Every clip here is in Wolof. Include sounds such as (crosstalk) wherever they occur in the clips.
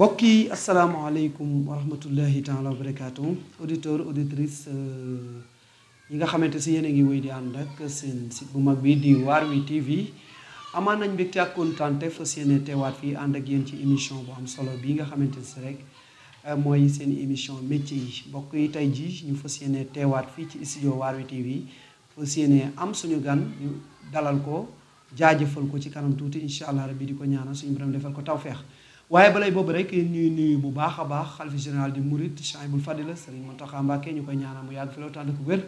mbokk yi asalaamaaleykum wa rahmatullahi taala wa barakaatu auditeur auditrice euh, yi nga xamante si yéen a ngi wéy di ànd ak seen site bu mag bi di waar wi TV amaan nañ bi ak kontante fas yéene teewaat fii ànd ak yéen ci émission bu am solo bii nga xamante si rek euh, mooy seen émission métier yi mbokk yi tey jii ñu fas yéene teewaat fii ci studio waar wi TV fas yéene am suñu gan ñu dalal ko jaajëfal ko ci kanam tuuti incha allah rabbi di ko ñaanal suñu borom defal ko tawféex. waaye balay boobu rek ñuy nii bu baax a baax xalifa général di Mouride Chahibul Fadila Serigne Mountakha Mbacké ñu koy ñaanal mu yàgg fi loolu tànn ko wér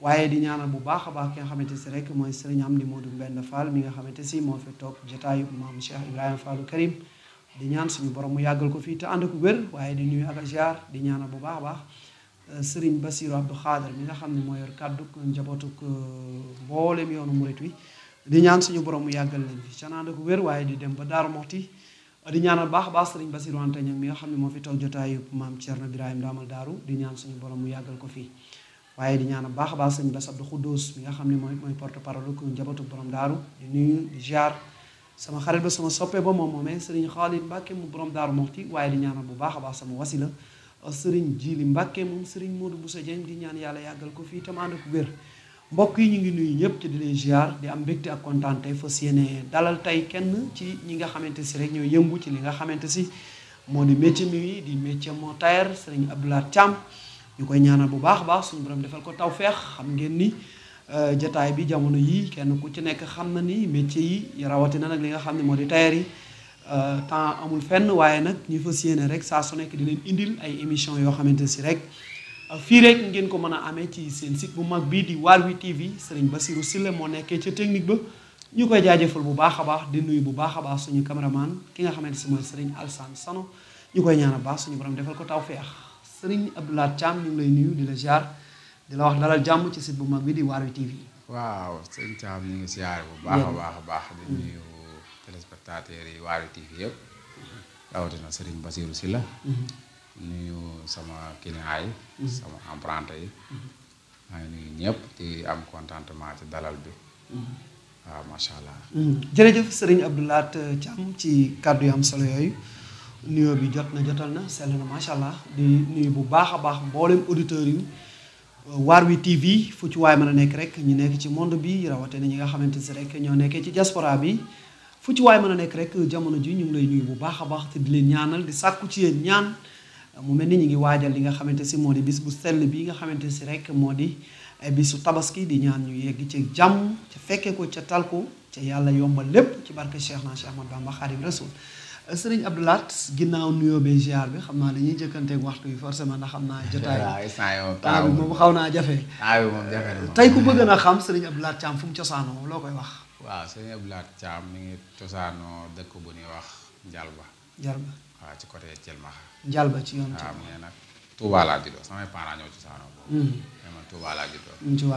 waaye di ñaanal bu baax a ki nga xamante si rek mooy Serigne Amdi Modou Mbène Fall mi nga xamante si moo fi toog jotaayu maam Cheikh Ibrahima Fallou Karim di ñaan suñu borom mu yàggal ko fii te ànd ko wér waaye di nuyu ak ziar di ñaanal bu baax a baax ba euh, Bassirou Abdou Khader mi nga xam ne moo yor kàddu njabootu euh, mboolem yoonu murit wi di ñaan suñu borom mu yàggal leen fi ca ànd ko wér waaye di dem ba Daaru Moxti di ñaanal baax baax sëriñ Bassirou Anta Niang mi nga xam ne moo fi toog jotaayu maam Thierno Birahim Daamal Daaru di ñaan suñu borom mu yàggal ko fii waaye di ñaanal baax baax sëriñ Bass Abdou Khoudous nga xam ne mooy mooy porte parole ku njabootu borom daaru di nuyu sama xarit ba soppee ba moom moomee sëriñ Khalid Mbacke mu borom daaru Moxti waaye di ñaanal bu baax a baax sama wasila sëriñ Jili Mbacke moom sëriñ bu Boussa Dieng di ñaan yàlla yàggal ko fii tam ànd ak wér mbokk yi ñu ngi nuyu ñëpp ci di leen di am mbégte ak kontaan tey fas yéene dalal tey kenn ci ñi nga xamante si rek ñoo yëngu ci li nga xamante si moo di métier mi di métier moo tailleur Serigne Abdoulaye Thiam ñu koy ñaanal bu baax a baax suñu borom defal ko tawféex xam ngeen ni euh, jataay bi jamono yii kenn ku ci nekk xam na ni métier yi rawatina nag li nga xam ne moo di tailleur yi euh, temps amul fenn waaye nag ñu fës yéene rek saa su nekk di leen indil ay émission yoo xamante si rek fii rek ngeen ko mën a amee ci seen site bu mag bii di waar wi TV Serigne Bassirou Sylla moo nekkee ca technique ba ñu koy jaajëfal bu baax a baax di nuyu bu baax a baax suñu caméraman ki nga xamante si mooy Serigne Alsane Sano ñu koy ñaan a baax suñu borom defal ko tawfeex Serigne Abdoulaye Thiam ñu ngi lay nuyu dina la dina wax dalal jàmm ci site bu mag bi di waar wi TV. waaw sëñ Thiam ñu ngi ziar bu baax a baax a baax di mm. nuyu téléspectateurs yi waar wi TV yëpp rawatina nuyu sama kiliyaay mm-hmm. sama emprunté yi mm-hmm. maa ngi nuyu ñëpp di am contentement ci dalal bi mm-hmm. waaw macha allah. jërëjëf sëriñ Abdou Lahat Thiam ci kàddu yu am solo yooyu nuyoo bi jot na jotal na sell na macha allah di nuyu bu baax a baax mboolem auditeurs yi waar wi TV fu waay mën a nekk rek ñu nekk ci monde bi rawatina ñi nga xamante si rek ñoo nekkee ci diaspora bi fu waay mën a nekk rek jamono ji ñu ngi lay nuyu bu baax a baax te di leen ñaanal di sàkku ci yéen ñaan. mu mel ni ñu ngi waajal li nga xamante si moo di bis bu sell bi nga xamante si rek moo di ay eh, bis bisu tabaski di ñaan ñu yegg ci jàmm ci fekke ko ca talko ko ca yàlla yombal lépp ci barke Cheikh na Cheikh Ahmadou Bamba Xaadim Rasul eh, sëriñ Abdou Lahat ginnaaw nuyoo bee ziar bi xam naa dañuy jëkkanteeg waxtu yi forcément na xam naa (laughs) jotaay temps bi moom xaw naa jafe (laughs) tey ku bëgg na xam sëriñ ab Lahat Thiam fu mu cosaanoo loo koy wax waa sëriñ Abdou Lahat Thiam mi ngi cosaanoo dëkk bu ñuy wax Njalba Njalba waa ci côté Thiel Maxa. Njàll ba ci yoonu Thiel waaw mu ne nag Touba laa ci saanoo boobu. mais hmm. man Touba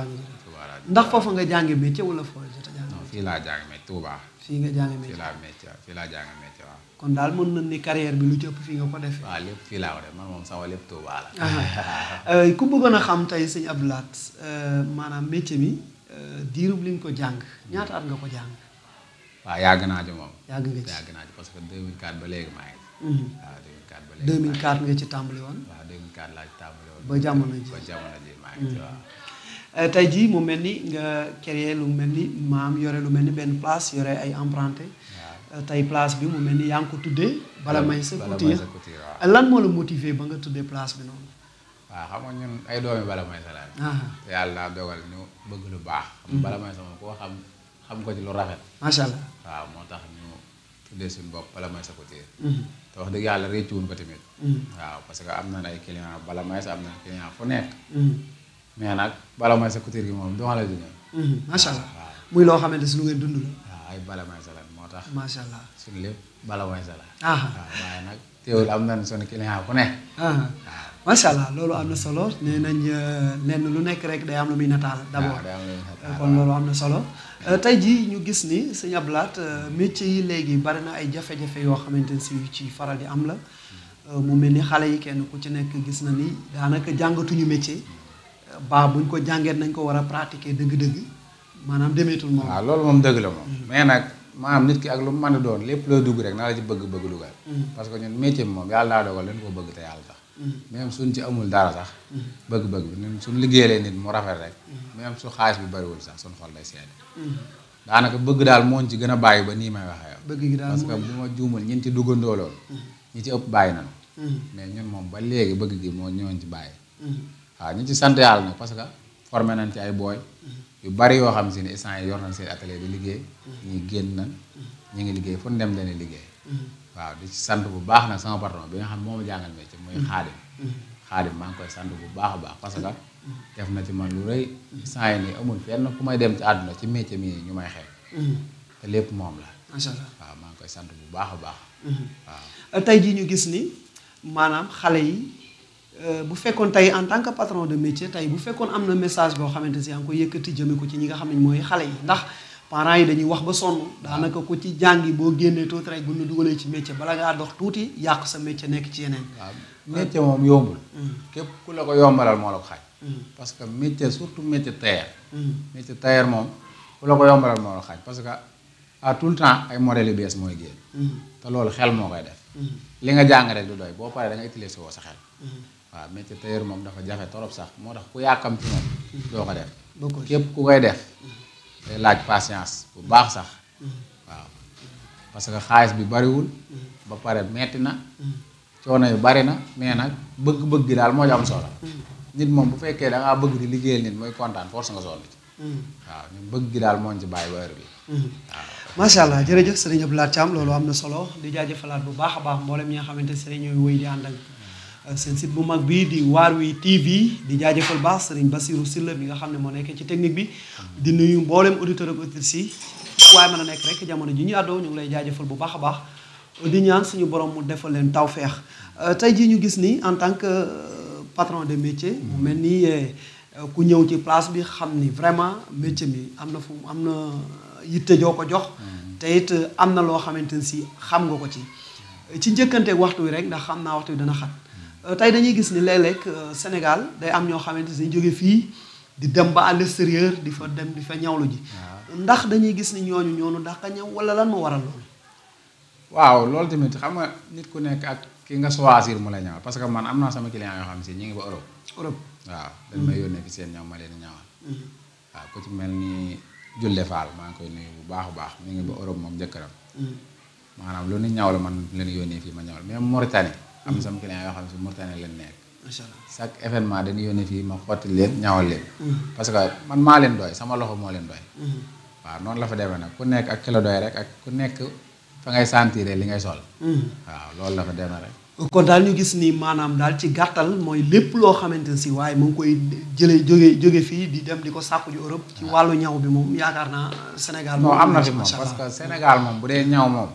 laa ndax foofu nga jàngi métier wala foofu jot a jàng. non fii laa jàng Touba. fii nga jàng laa métier fii laa jàng métier kon daal mën nañ ni carrière bi lu jëpp fii nga ko defee. waaw lépp fii laa ko def man moom sama lépp Touba la. Ah, ah. (laughs) Euh, ku bëggoon a xam tey sëñ Abdou Lahat euh, maanaam métier bi euh, diirub li nga ko jàng ñaata at nga ko jàng. waaw yàgg naa ci moom. yàgg nga ci yàgg naa ci parce que 2004 ba léegi maa ngi waaw 2004 ba léegi 2004 nga ci tàmbali woon. waaw 2004 laa ci tàmbali woon. ba jamono ji ba jamono ji maa ngi ci mm-hmm. euh, tey jii mu mel ni nga créé lu mel ni maam yore lu mel ni benn place yore ay emprunté. Euh, tey place bi mu mel ni yaa ngi ko tuddee. bala may sa couture lan moo la motiver ba nga tuddee place bi noonu. waaw xam nga ñun ay doomi bala may sa laaj. Ah. te yàlla dogal ñu bëgg lu baax. Mm-hmm. bala may sa koo xam xam ko ci lu rafet. macha allah tuddee suñu bopp bala may sa ko mhm. te wax dëgg yàlla réccuwuñ ko tamit mhm. waaw parce que am na ay client bala may sa am na client fu nekk mhm. mais nag bala may sa couture moom doo la dina muy loo xamante su lu ngeen dund la waaw ay bala may sa lan moo tax macha allah suñu lépp bala may sa la waaw waaye nag teewul am na suñu client fu nekk macha allah loolu am na solo nee nañ euh, lenn lu nekk rek day am lu muy nataal d'abord ah, euh, kon loolu am na solo euh, tey jii ñu gis ni sëñ Abdou Lahat yi léegi bari na ay jafe-jafe yoo xamante ne si ci faral di am la mu mel ni xale yi kenn ku ci nekk gis na ni daanaka jàngatuñu métier ba buñ ko jàngee nañ ko war a pratiquer dëgg-dëgg maanaam demeetul moom. waaw ah, loolu moom dëgg la moom. mais nag maanaam nit ki ak lu mu doon lépp loo dugg rek naa la ci bëgg-bëgg dugal. Mm. parce que ñun métier bi moom yàlla daa dogal même suñ ci amul dara sax bëgg-bëgg bi ñun suñ liggéeyee nit mu rafet rek même su xaalis bi bëriwul sax suñ xol day seede daanaka bëgg daal mooñ ci gën a bàyyi ba nii may waxee yow bëgg gi bu ma juumal ñin ci duggandoo lool ñi ci ëpp bàyyi nañu hmm. mais ñun moom ba léegi bëgg gi moo ñëwoon ci bàyyi hmm. waaw ñu ci sant yàlla nag parce que formé nañ ci ay booy yu bari yoo xam si ne instant yi yor nañ seen atelier di liggéey hmm. ñi génn nañ ñu ngi liggéey fu ñu dem dañuy liggéey waaw di ci sant bu baax nag sama patron bi nga xam moo ma jàngal métier muy xaadim xaadim maa ngi koy sant bu baax a baax parce que def na ci man lu rëy saa yi nii amul fenn ku may dem àdduna ci métier mi ñu may xeeb mm-hmm. te lépp moom la macha allah waaw maa ngi koy sant bu baax a baax waaw mm-hmm. tey ji ñu gis ni maanaam xale yi euh, bu fekkoon tey en tant que patron de métier tey bu fekkoon am na message boo xamante si yaa ngi ko yëkkati jëme ko ci ñi nga xam ne mooy xale yi parents yi dañuy wax ba sonn daanaka ku ci jàngi boo génnee tuuti rek bu ñu dugalee ci métier bala ngaa dox tuuti yàq sa métier nekk ci yeneen. waaw métier moom yombul. Hmm. képp ku la ko yombalal moo la ko xaaj. Hmm. parce que métier surtout métier tailleur. Hmm. métier tailleur moom ku yombalal moo xaaj parce que à tout le temps ay modèles yu bees mooy génn. te loolu xel moo koy def. li nga jàng rek du doy boo paree da nga utiliser woo sa xel. waaw métier tailleur moom dafa jafe torop sax moo tax ku yàkkam ci moom. doo ko képp ku koy def. day laaj patience bu baax sax waaw parce que xaalis bi bariwul ba pare metti na coono yu bari na mais nag bëgg-bëgg gi daal moo ci am solo nit moom bu fekkee da ngaa bëgg di liggéeyal nit mooy kontaan force nga sonn ci waaw ñu bëgg gi daal moo ñu ci bàyyi ba heure bi waaw macha allah jërëjëf sëriñ Abdou Lahad Thiam loolu am na solo di jaajëfalaat bu baax a baax mboolem ñi nga xamante ne sëriñ ñooy wéy di ànd ak seen site bu mag bi di waar wi TV di jaajëfal baax sëriñ Bassirou Sylla bi nga xam ne moo nekkee ci technique bi di nuyu mbooleem auditeurs ak auditrices yi waaye mën a nekk rek jamono ji ñu àddoo ñu ngi lay jaajëfal bu baax a baax di ñaan suñu borom mu defal leen tawféex euh, tey jii ñu gis ni en tant que euh, patron de métier mu mm-hmm. mel ni euh, ku ñëw ci place bi xam ni vraiment métier mi am na fu am na yitte joo ko jox mm-hmm. te am na loo xamante ne si xam nga ko ci ci njëkkanteeg waxtu wi rek ndax xam naa waxtu dana xat Euh, tey dañuy gis ni léeg-léeg euh, Sénégal day am ñoo xamante ni jóge fii di dem ba à l'extérieur di fa dem di fa ñawlu ji. ndax dañuy gis ni ñooñu ñoonu ndax ka ñaw wala lan moo waral loolu. waaw loolu tamit xam nga nit ku nekk ak ki nga choisir mu la ñaw parce que man am naa sama client yoo xam si ñu ngi ba Europe. Europe waaw dañ may yónnee fi seen ñaw ma leen ñawal. Mm-hmm. waaw ku ci mel nii Julle Fall maa ngi koy nuyu bu baax a baax ñu ngi ba Europe moom jëkkëram. Mm-hmm. maanaam lu ni ñaw la man leen yónnee fii ma ñawal même Mauritanie. am na sama yoo xam ne si Mauritanie leen nekk. macha allah chaque événement dañuy yónnee fii ma xotti leen ñawal leen. Mm-hmm. parce que man maa leen dooy sama loxo moo leen doy. Mm-hmm. waaw noonu la fa demee nag ku nekk ak ki doy rek ak ku nekk fa ngay sentir li ngay sol. Mm-hmm. waaw loolu la fa demee rek. kon daal ñu gis ni maanaam daal ci gàttal mooy lépp loo xamante ne si waaye mu koy jëlee jóge jóge fii di dem di ko sàkku ji Europe. ci ah. wàllu ñaw bi moom yaakaar naa Sénégal. moom am na fi moom parce que Sénégal moom bu dee ñaw moom.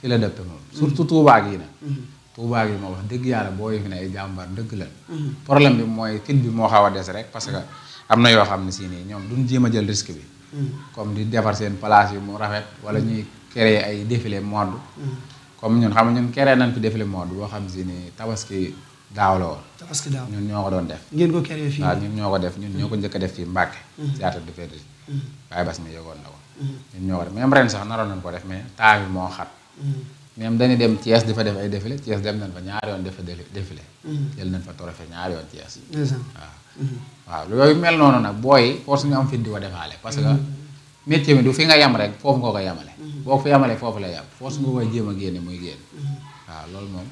fi ah. la dëppee moom. surtout Touba gii nag. Touba gi ma wax dëgg yàlla boo fi ne ay jàmbaar dëgg la. Mm-hmm. problème bi mooy fit bi moo xaw des rek parce que am na yoo xam ne si nii ñoom duñ jéem a jël risque bi. Mm-hmm. comme di defar seen place yi mu rafet wala ñuy mm-hmm. créer ay défilé mode. comme ñun xam nga ñun créer nañ fi défilé mode boo xam si ni tabaski daaw la woon. tabaski daaw ñun ñoo ko doon def. ngeen ko créer fii waaw ñun ñoo ko def ñun ñoo ko njëkk def fii Mbàkke. théâtre de waaye bas mi yëgoon na ko. ñun ñoo ko def même ren sax naroon nañ ko def mais temps bi moo xat. ñoom dañuy dem Thiès di fa def ay défilé Thiès dem nañ fa ñaari yoon def fa défilé. Mm-hmm. jël nañ fa trophée ñaari yoon Thiès. waaw waaw yooyu mel noonu nag booy force ñu am fit di parce que mm-hmm. métier fi nga yem rek foofu nga ko mm-hmm. boo ko fa foofu la yem force nga koy jéem a génne muy génn. waaw loolu moom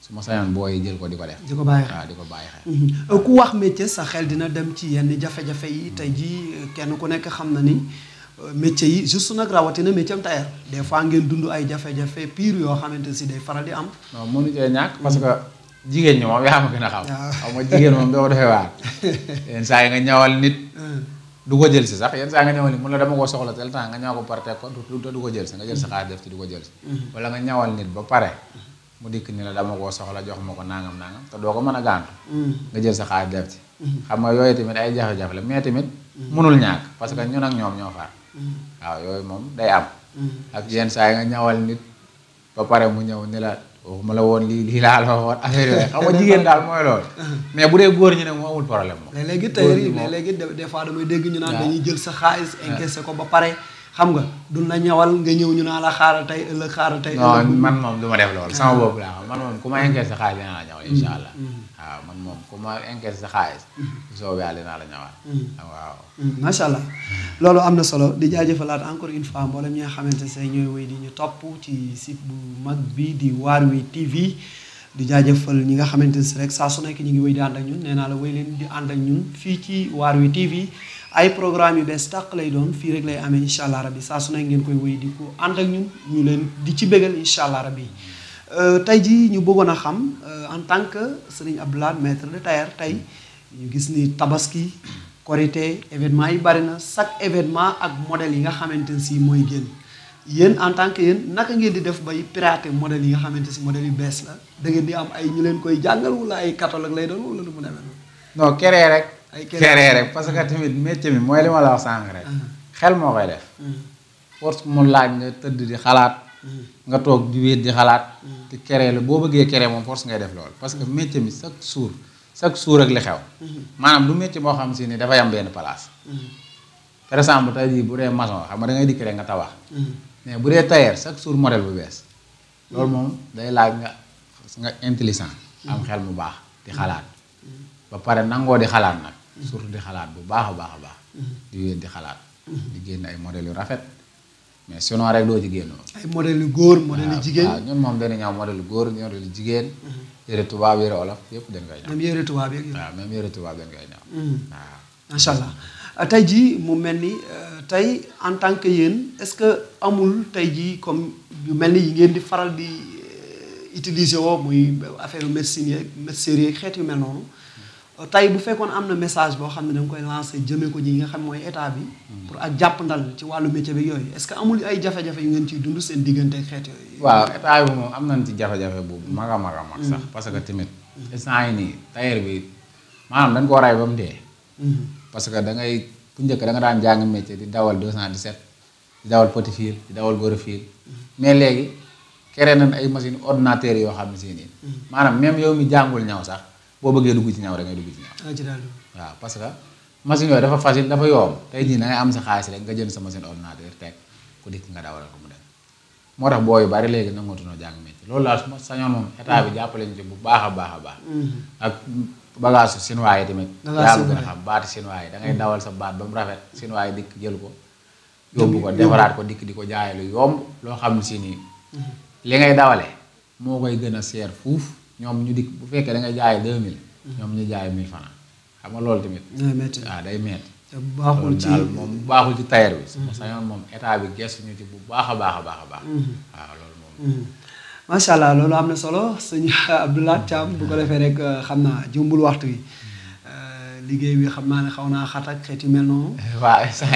su ma sañoon booy jël ko di ko def. di ko waaw di ko bàyyi xel. ku wax métier sa xel dina dem ci yenn jafe-jafe yi te jii kenn ku nekk xam na ni. métier yi juste nag rawatina métier am tailleur des fois ngeen dund ay jafe-jafe pire yoo xamante si faral di am. non mënu cee parce que jigéen ñi moom yaa ma gën xam. waaw ah. xam nga jigéen moom doo defee waar. (laughs) yenn saa yi nga ñawal nit. Hmm. du ko jël si sax yenn saa nga ñawal nit mun la dama ko soxla tel temps nga ñaw ko par teg ko du du ko jël si nga jël ko jël hmm. Hmm. wala nga ñawal nit ba pare. mu dikk ni la dama koo soxla jox ma ko nangam nangam te doo ko mën a gàntu. nga jël sa xaalis def ci. xam nga yooyu tamit ay jafe-jafe la mais tamit. mënul ñàkk parce que ñun ñoom ñoo far Mm-hmm. waaw yooyu moom day am mm-hmm. ak yenn saa yi nga ñawal nit ba pare mu ñëw ni la waxuma la woon lii lii laa la woon affaire yooyu xam nga jigéen daal mooy loolu mm-hmm. mais bu dee góor ñi ne mu amul problème moom léegi tey léegi des fois damay dégg ñu naan dañuy jël sa xaalis encaissé ko ba pare xam nga duñ la ñawal nga ñëw ñu naa la xaaral tey ëllëg xaaral tey. man moom du ma def loolu sama bopp laa xam man moom ku ma mm-hmm. encaisse sa xaalis dinaa la ñawal incha mm-hmm. Mm-hmm. man moom ku ma encaisse sa soo yàlla dinaa la ñawal. waaw. allah loolu am na solo di jaajëfalaat encore une fois mboolem ñi nga xamante ne ñooy wéy di ñu topp ci site bu mag bi di waar wi TV. di jaajëfal ñi nga xamante ne rek saa su nekk ñu ngi wéy di ànd ak ñun nee naa la wéy leen di ànd ak ñun fii ci waar wi TV. ay programme yu bees tàq lay doon fii rek lay amee incha allah rabi saa su ne ngeen koy wéy di ko ànd ak ñun ñu leen di ci bégal incha allah rabi. Euh, tey jii ñu bëggoon a xam euh, en tant que Serigne ab Lahad maître de tailleur tey ñu gis ni tabaski korité événement yi bari na chaque événement ak modèle yi nga xamante ne si mooy génn yéen en tant que yéen naka ngeen di def bay pirater modèle yi nga xamante si modèle yu bees la da ngeen di am ay ñu leen koy jàngal wala ay catalogue lay doon mu demee noonu. créer rek parce que tamit métier mi mooy li ma la wax sànq uh-huh. xel moo koy def uh-huh. force mu laaj nga tëdd di xalaat uh-huh. nga toog di wéet di xalaat te créer la boo bëggee kere moom force ngay def loolu parce que métier mi chaque jour chaque jour ak li xew maanaam du métier moo xam si ni dafay am benn place par exemple tey bu dee maçon xam nga di ngay nga tabax mais bu dee tailleur chaque jour modèle bu bees loolu moom day laaj nga nga intelligent am xel mu baax di xalaat ba nangoo di xalaat surtout di xalaat bu baax a baax a baax. Mm-hmm. di wéen di xalaat. di génn ay modèles yu rafet. mais sinon rek doo jigéen génn woon. ay modèles yu góor modèles yu jigéen waaw ñun moom mm-hmm. dañu ñaw modèle góor modèle yu jigéen. yére tubaab yére olof yëpp dañ koy ñaw. même yére tubaab yeeg yëpp waaw même yére tubaab mm-hmm. macha allah euh, tey jii mu mel ni euh, tey en tant que yéen est-ce que amul tey jii comme yu mel ni yi ngeen di faral di euh, utiliser woo muy affaire yu médecine yeeg médecine yeeg xeet yu mel noonu. tey bu fekkoon am na message boo xam ne da koy lancé jëmee ko ñi nga xam mooy état bi. Mm. pour ak jàpp ndal ci wàllu métier bi yooyu est-ce que amul ay jafe-jafe yu ngeen ciy dund seen diggante xeet yooyu. waaw état bi moom am nañ ci jafe-jafe bu mag a mag a mag sax mm. parce que tamit mm. instant yi nii tailleur bi maanaam dañ koo ray ba mu dee. Mm-hmm. parce que da ngay bu njëkk da nga daan jàng métier di dawal 217 di dawal petit fil di dawal gros fil mm-hmm. mais léegi créé nañ ay machine ordinateur yoo xam ne seen mm-hmm. maanaam même yow mi jàngul ñaw sax. boo bëggee dugg ci ñaw rek ngay dugg ci ñaw. waaw parce machine yooyu dafa facile dafa yomb tey jii da am sa xaalis rek nga jënd sa machine ordinateur teg ku dikk nga dawal ko mu dem moo tax booy yu bari léegi nangatunoo jàng métier loolu daal su ma sañoon moom état bi jàppale ñu ci bu baax a baax a baax. Mm-hmm. ak bagage su chinois yi tamit. yaa gën a xam baati chinois yi da ngay mm-hmm. dawal sa baat ba mu rafet chinois dikk jël ko. yóbbu ko defaraat ko dikk di ko jaay lu loo xam si nii. Mm-hmm. li ngay dawalee moo koy gën a seer fuuf. ñoom ñu dikk bu fekkee da nga jaay deux mille. Mm-hmm. ñoom ñu jaay mille francs xam nga loolu tamit. day métti waaw day métti. te baaxul ci daal moom baaxul ci tailleur bi. sama mm-hmm. sañoon moom état bi gestu ñu ci bu baax a baax a baax a baax. Mm-hmm. waaw loolu moom. macha allah loolu am na solo sëñ (laughs) Abdoulaye Thiam bu ko defee rek euh, xam naa jëmbul waxtu wi. Euh, liggéey bi xam naa ne xaw naa xat ak xeeti mel noonu. (laughs) waaw saa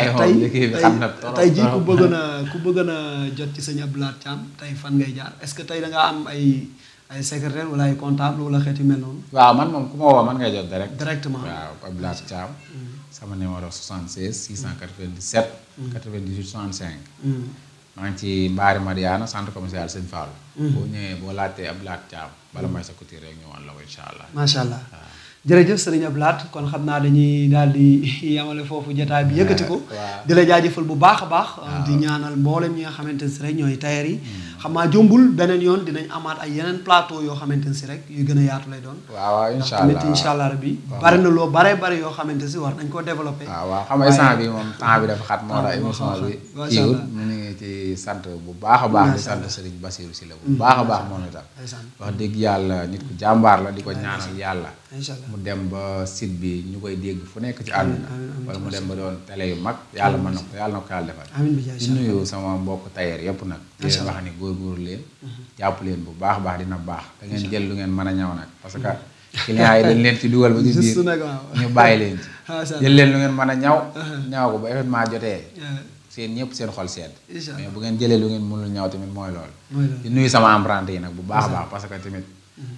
xam na trop tey jii ku bëgg na (laughs) ku bëgg na jot ci sëñ Abdoulaye Thiam tey fan ngay jaar est-ce que am ay. ay secrétaire wala ay comptable wala xeeti mel noonu. waaw man moom ku ma woo man ngay jot direct. directement waaw Abdoulaye Thiam. Mm. sama numéro 76 697. 98 65. maa ngi ci Mbaari Mariana centre commercial Sëñ Fall. Mm. boo ñëwee boo laajtee Abdoulaye Thiam bala may sa couture rek ñëwoon la ko incha allah. macha allah. jërëjëf sëriñ a Lahat kon xam naa dañuy daal di yamale foofu jotaay bi yëkkati ko (laughs) di la jaajëfal bu baax a baax di ñaanal mboole ñi nga xamante ne si rek ñooy tailleur yi xam naa jombul beneen yoon dinañ amaat ay yeneen plateau yoo xamante ne si rek yu gën a yaatu lay doon waaw incha allah tamit allah bi bari na loo bare bari yoo xamante si war nañ koo développé waaw xam nga instant bi moom temps bi dafa xat moo tax bi kiiwul mu ngi ci sant bu baax a baax di sant sëriñ Basiru si la bu mm. baax a baax moom itam wax dëgg yàlla nit jàmbaar la di ko ñaanal yàlla mu dem ba site bi ñu koy dégg fu nekk ci àdduna wala mu dem ba doon télé yu mag yàlla mën na ko yàlla na ko yàlla defal di nuyu sama mbokk tailleur yëpp nag di leen wax ni góorgóorlu leen mhm. jàpp leen bu baax baax dina baax da ngeen jël lu ngeen mën a ñaw nag parce que mhm. clients yi dañ ba ci ñu bàyyi leen ci (laughs) jël lu ngeen mën a ñaw mhm. ñaw ko ba événement jotee seen ñëpp seen xol sedd mais bu ngeen jëlee lu ngeen mënul ñaw tamit mooy loolu di nuyu sama emprunté yi nag bu baax baax parce que tamit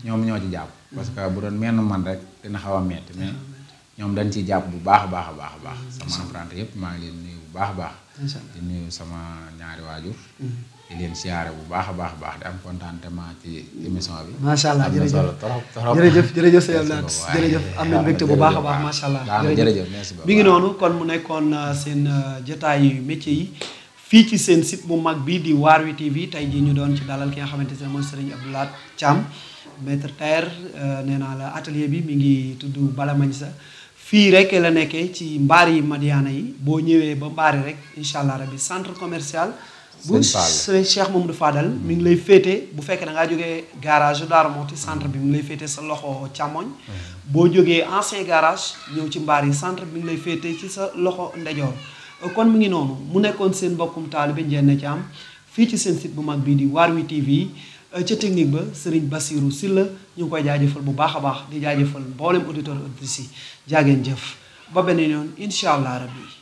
ñoom ñoo ci jàpp. Mm-hmm. parce que bu doon menn man rek dina xaw a metti mais mm-hmm. ñoom dañ ciy jàpp bu baax a baax a baax a baax. Mm-hmm. sama apprenti yëpp maa ngi leen nuyu bu baax a baax. di nuyu sama ñaari waajur. di leen siyaare bu baax a baax baax di am contentement ci émission bi. macha allah jërëjëf jërëjëf jërëjëf sëñ Abdou Lahat jërëjëf am na mbégte bu baax a baax macha allah. jërëjëf mi ngi noonu kon mu nekkoon euh, seen euh, jotaay yu métier yi fii ci seen site bu mag bi di waar wi TV tey jii ñu doon ci dalal ki nga xamante ne mooy Serigne Abdou Lahat Thiam. maître Taire euh, nee naa la atelier bi mi ngi tudd Bala sax fii rek la nekkee ci mbaar yi Madiana yi boo ñëwee ba mbaari rek incha allah rabi centre commercial. bu Cheikh Mamadou Fadal mi ngi lay féete bu fekkee da ngaa jógee garage Darou Mouhty centre bi mu ngi lay féete sa loxo càmmoñ. boo jógee ancien garage ñëw ci mbaar yi centre bi mi ngi lay féete ci sa loxo ndejoor kon mu ngi noonu mu nekkoon seen mbokkum taalibe Ndiéna Thiam fii ci seen site bu mag bii di Waarwi TV. Euh, ca technique ba Serigne Bassirou Sylla ñu ngi koy jaajëfal bu baax a baax di jaajëfal mboolem auditeur auditrice yi jaageen jëf ba beneen yoon incha allah rabbi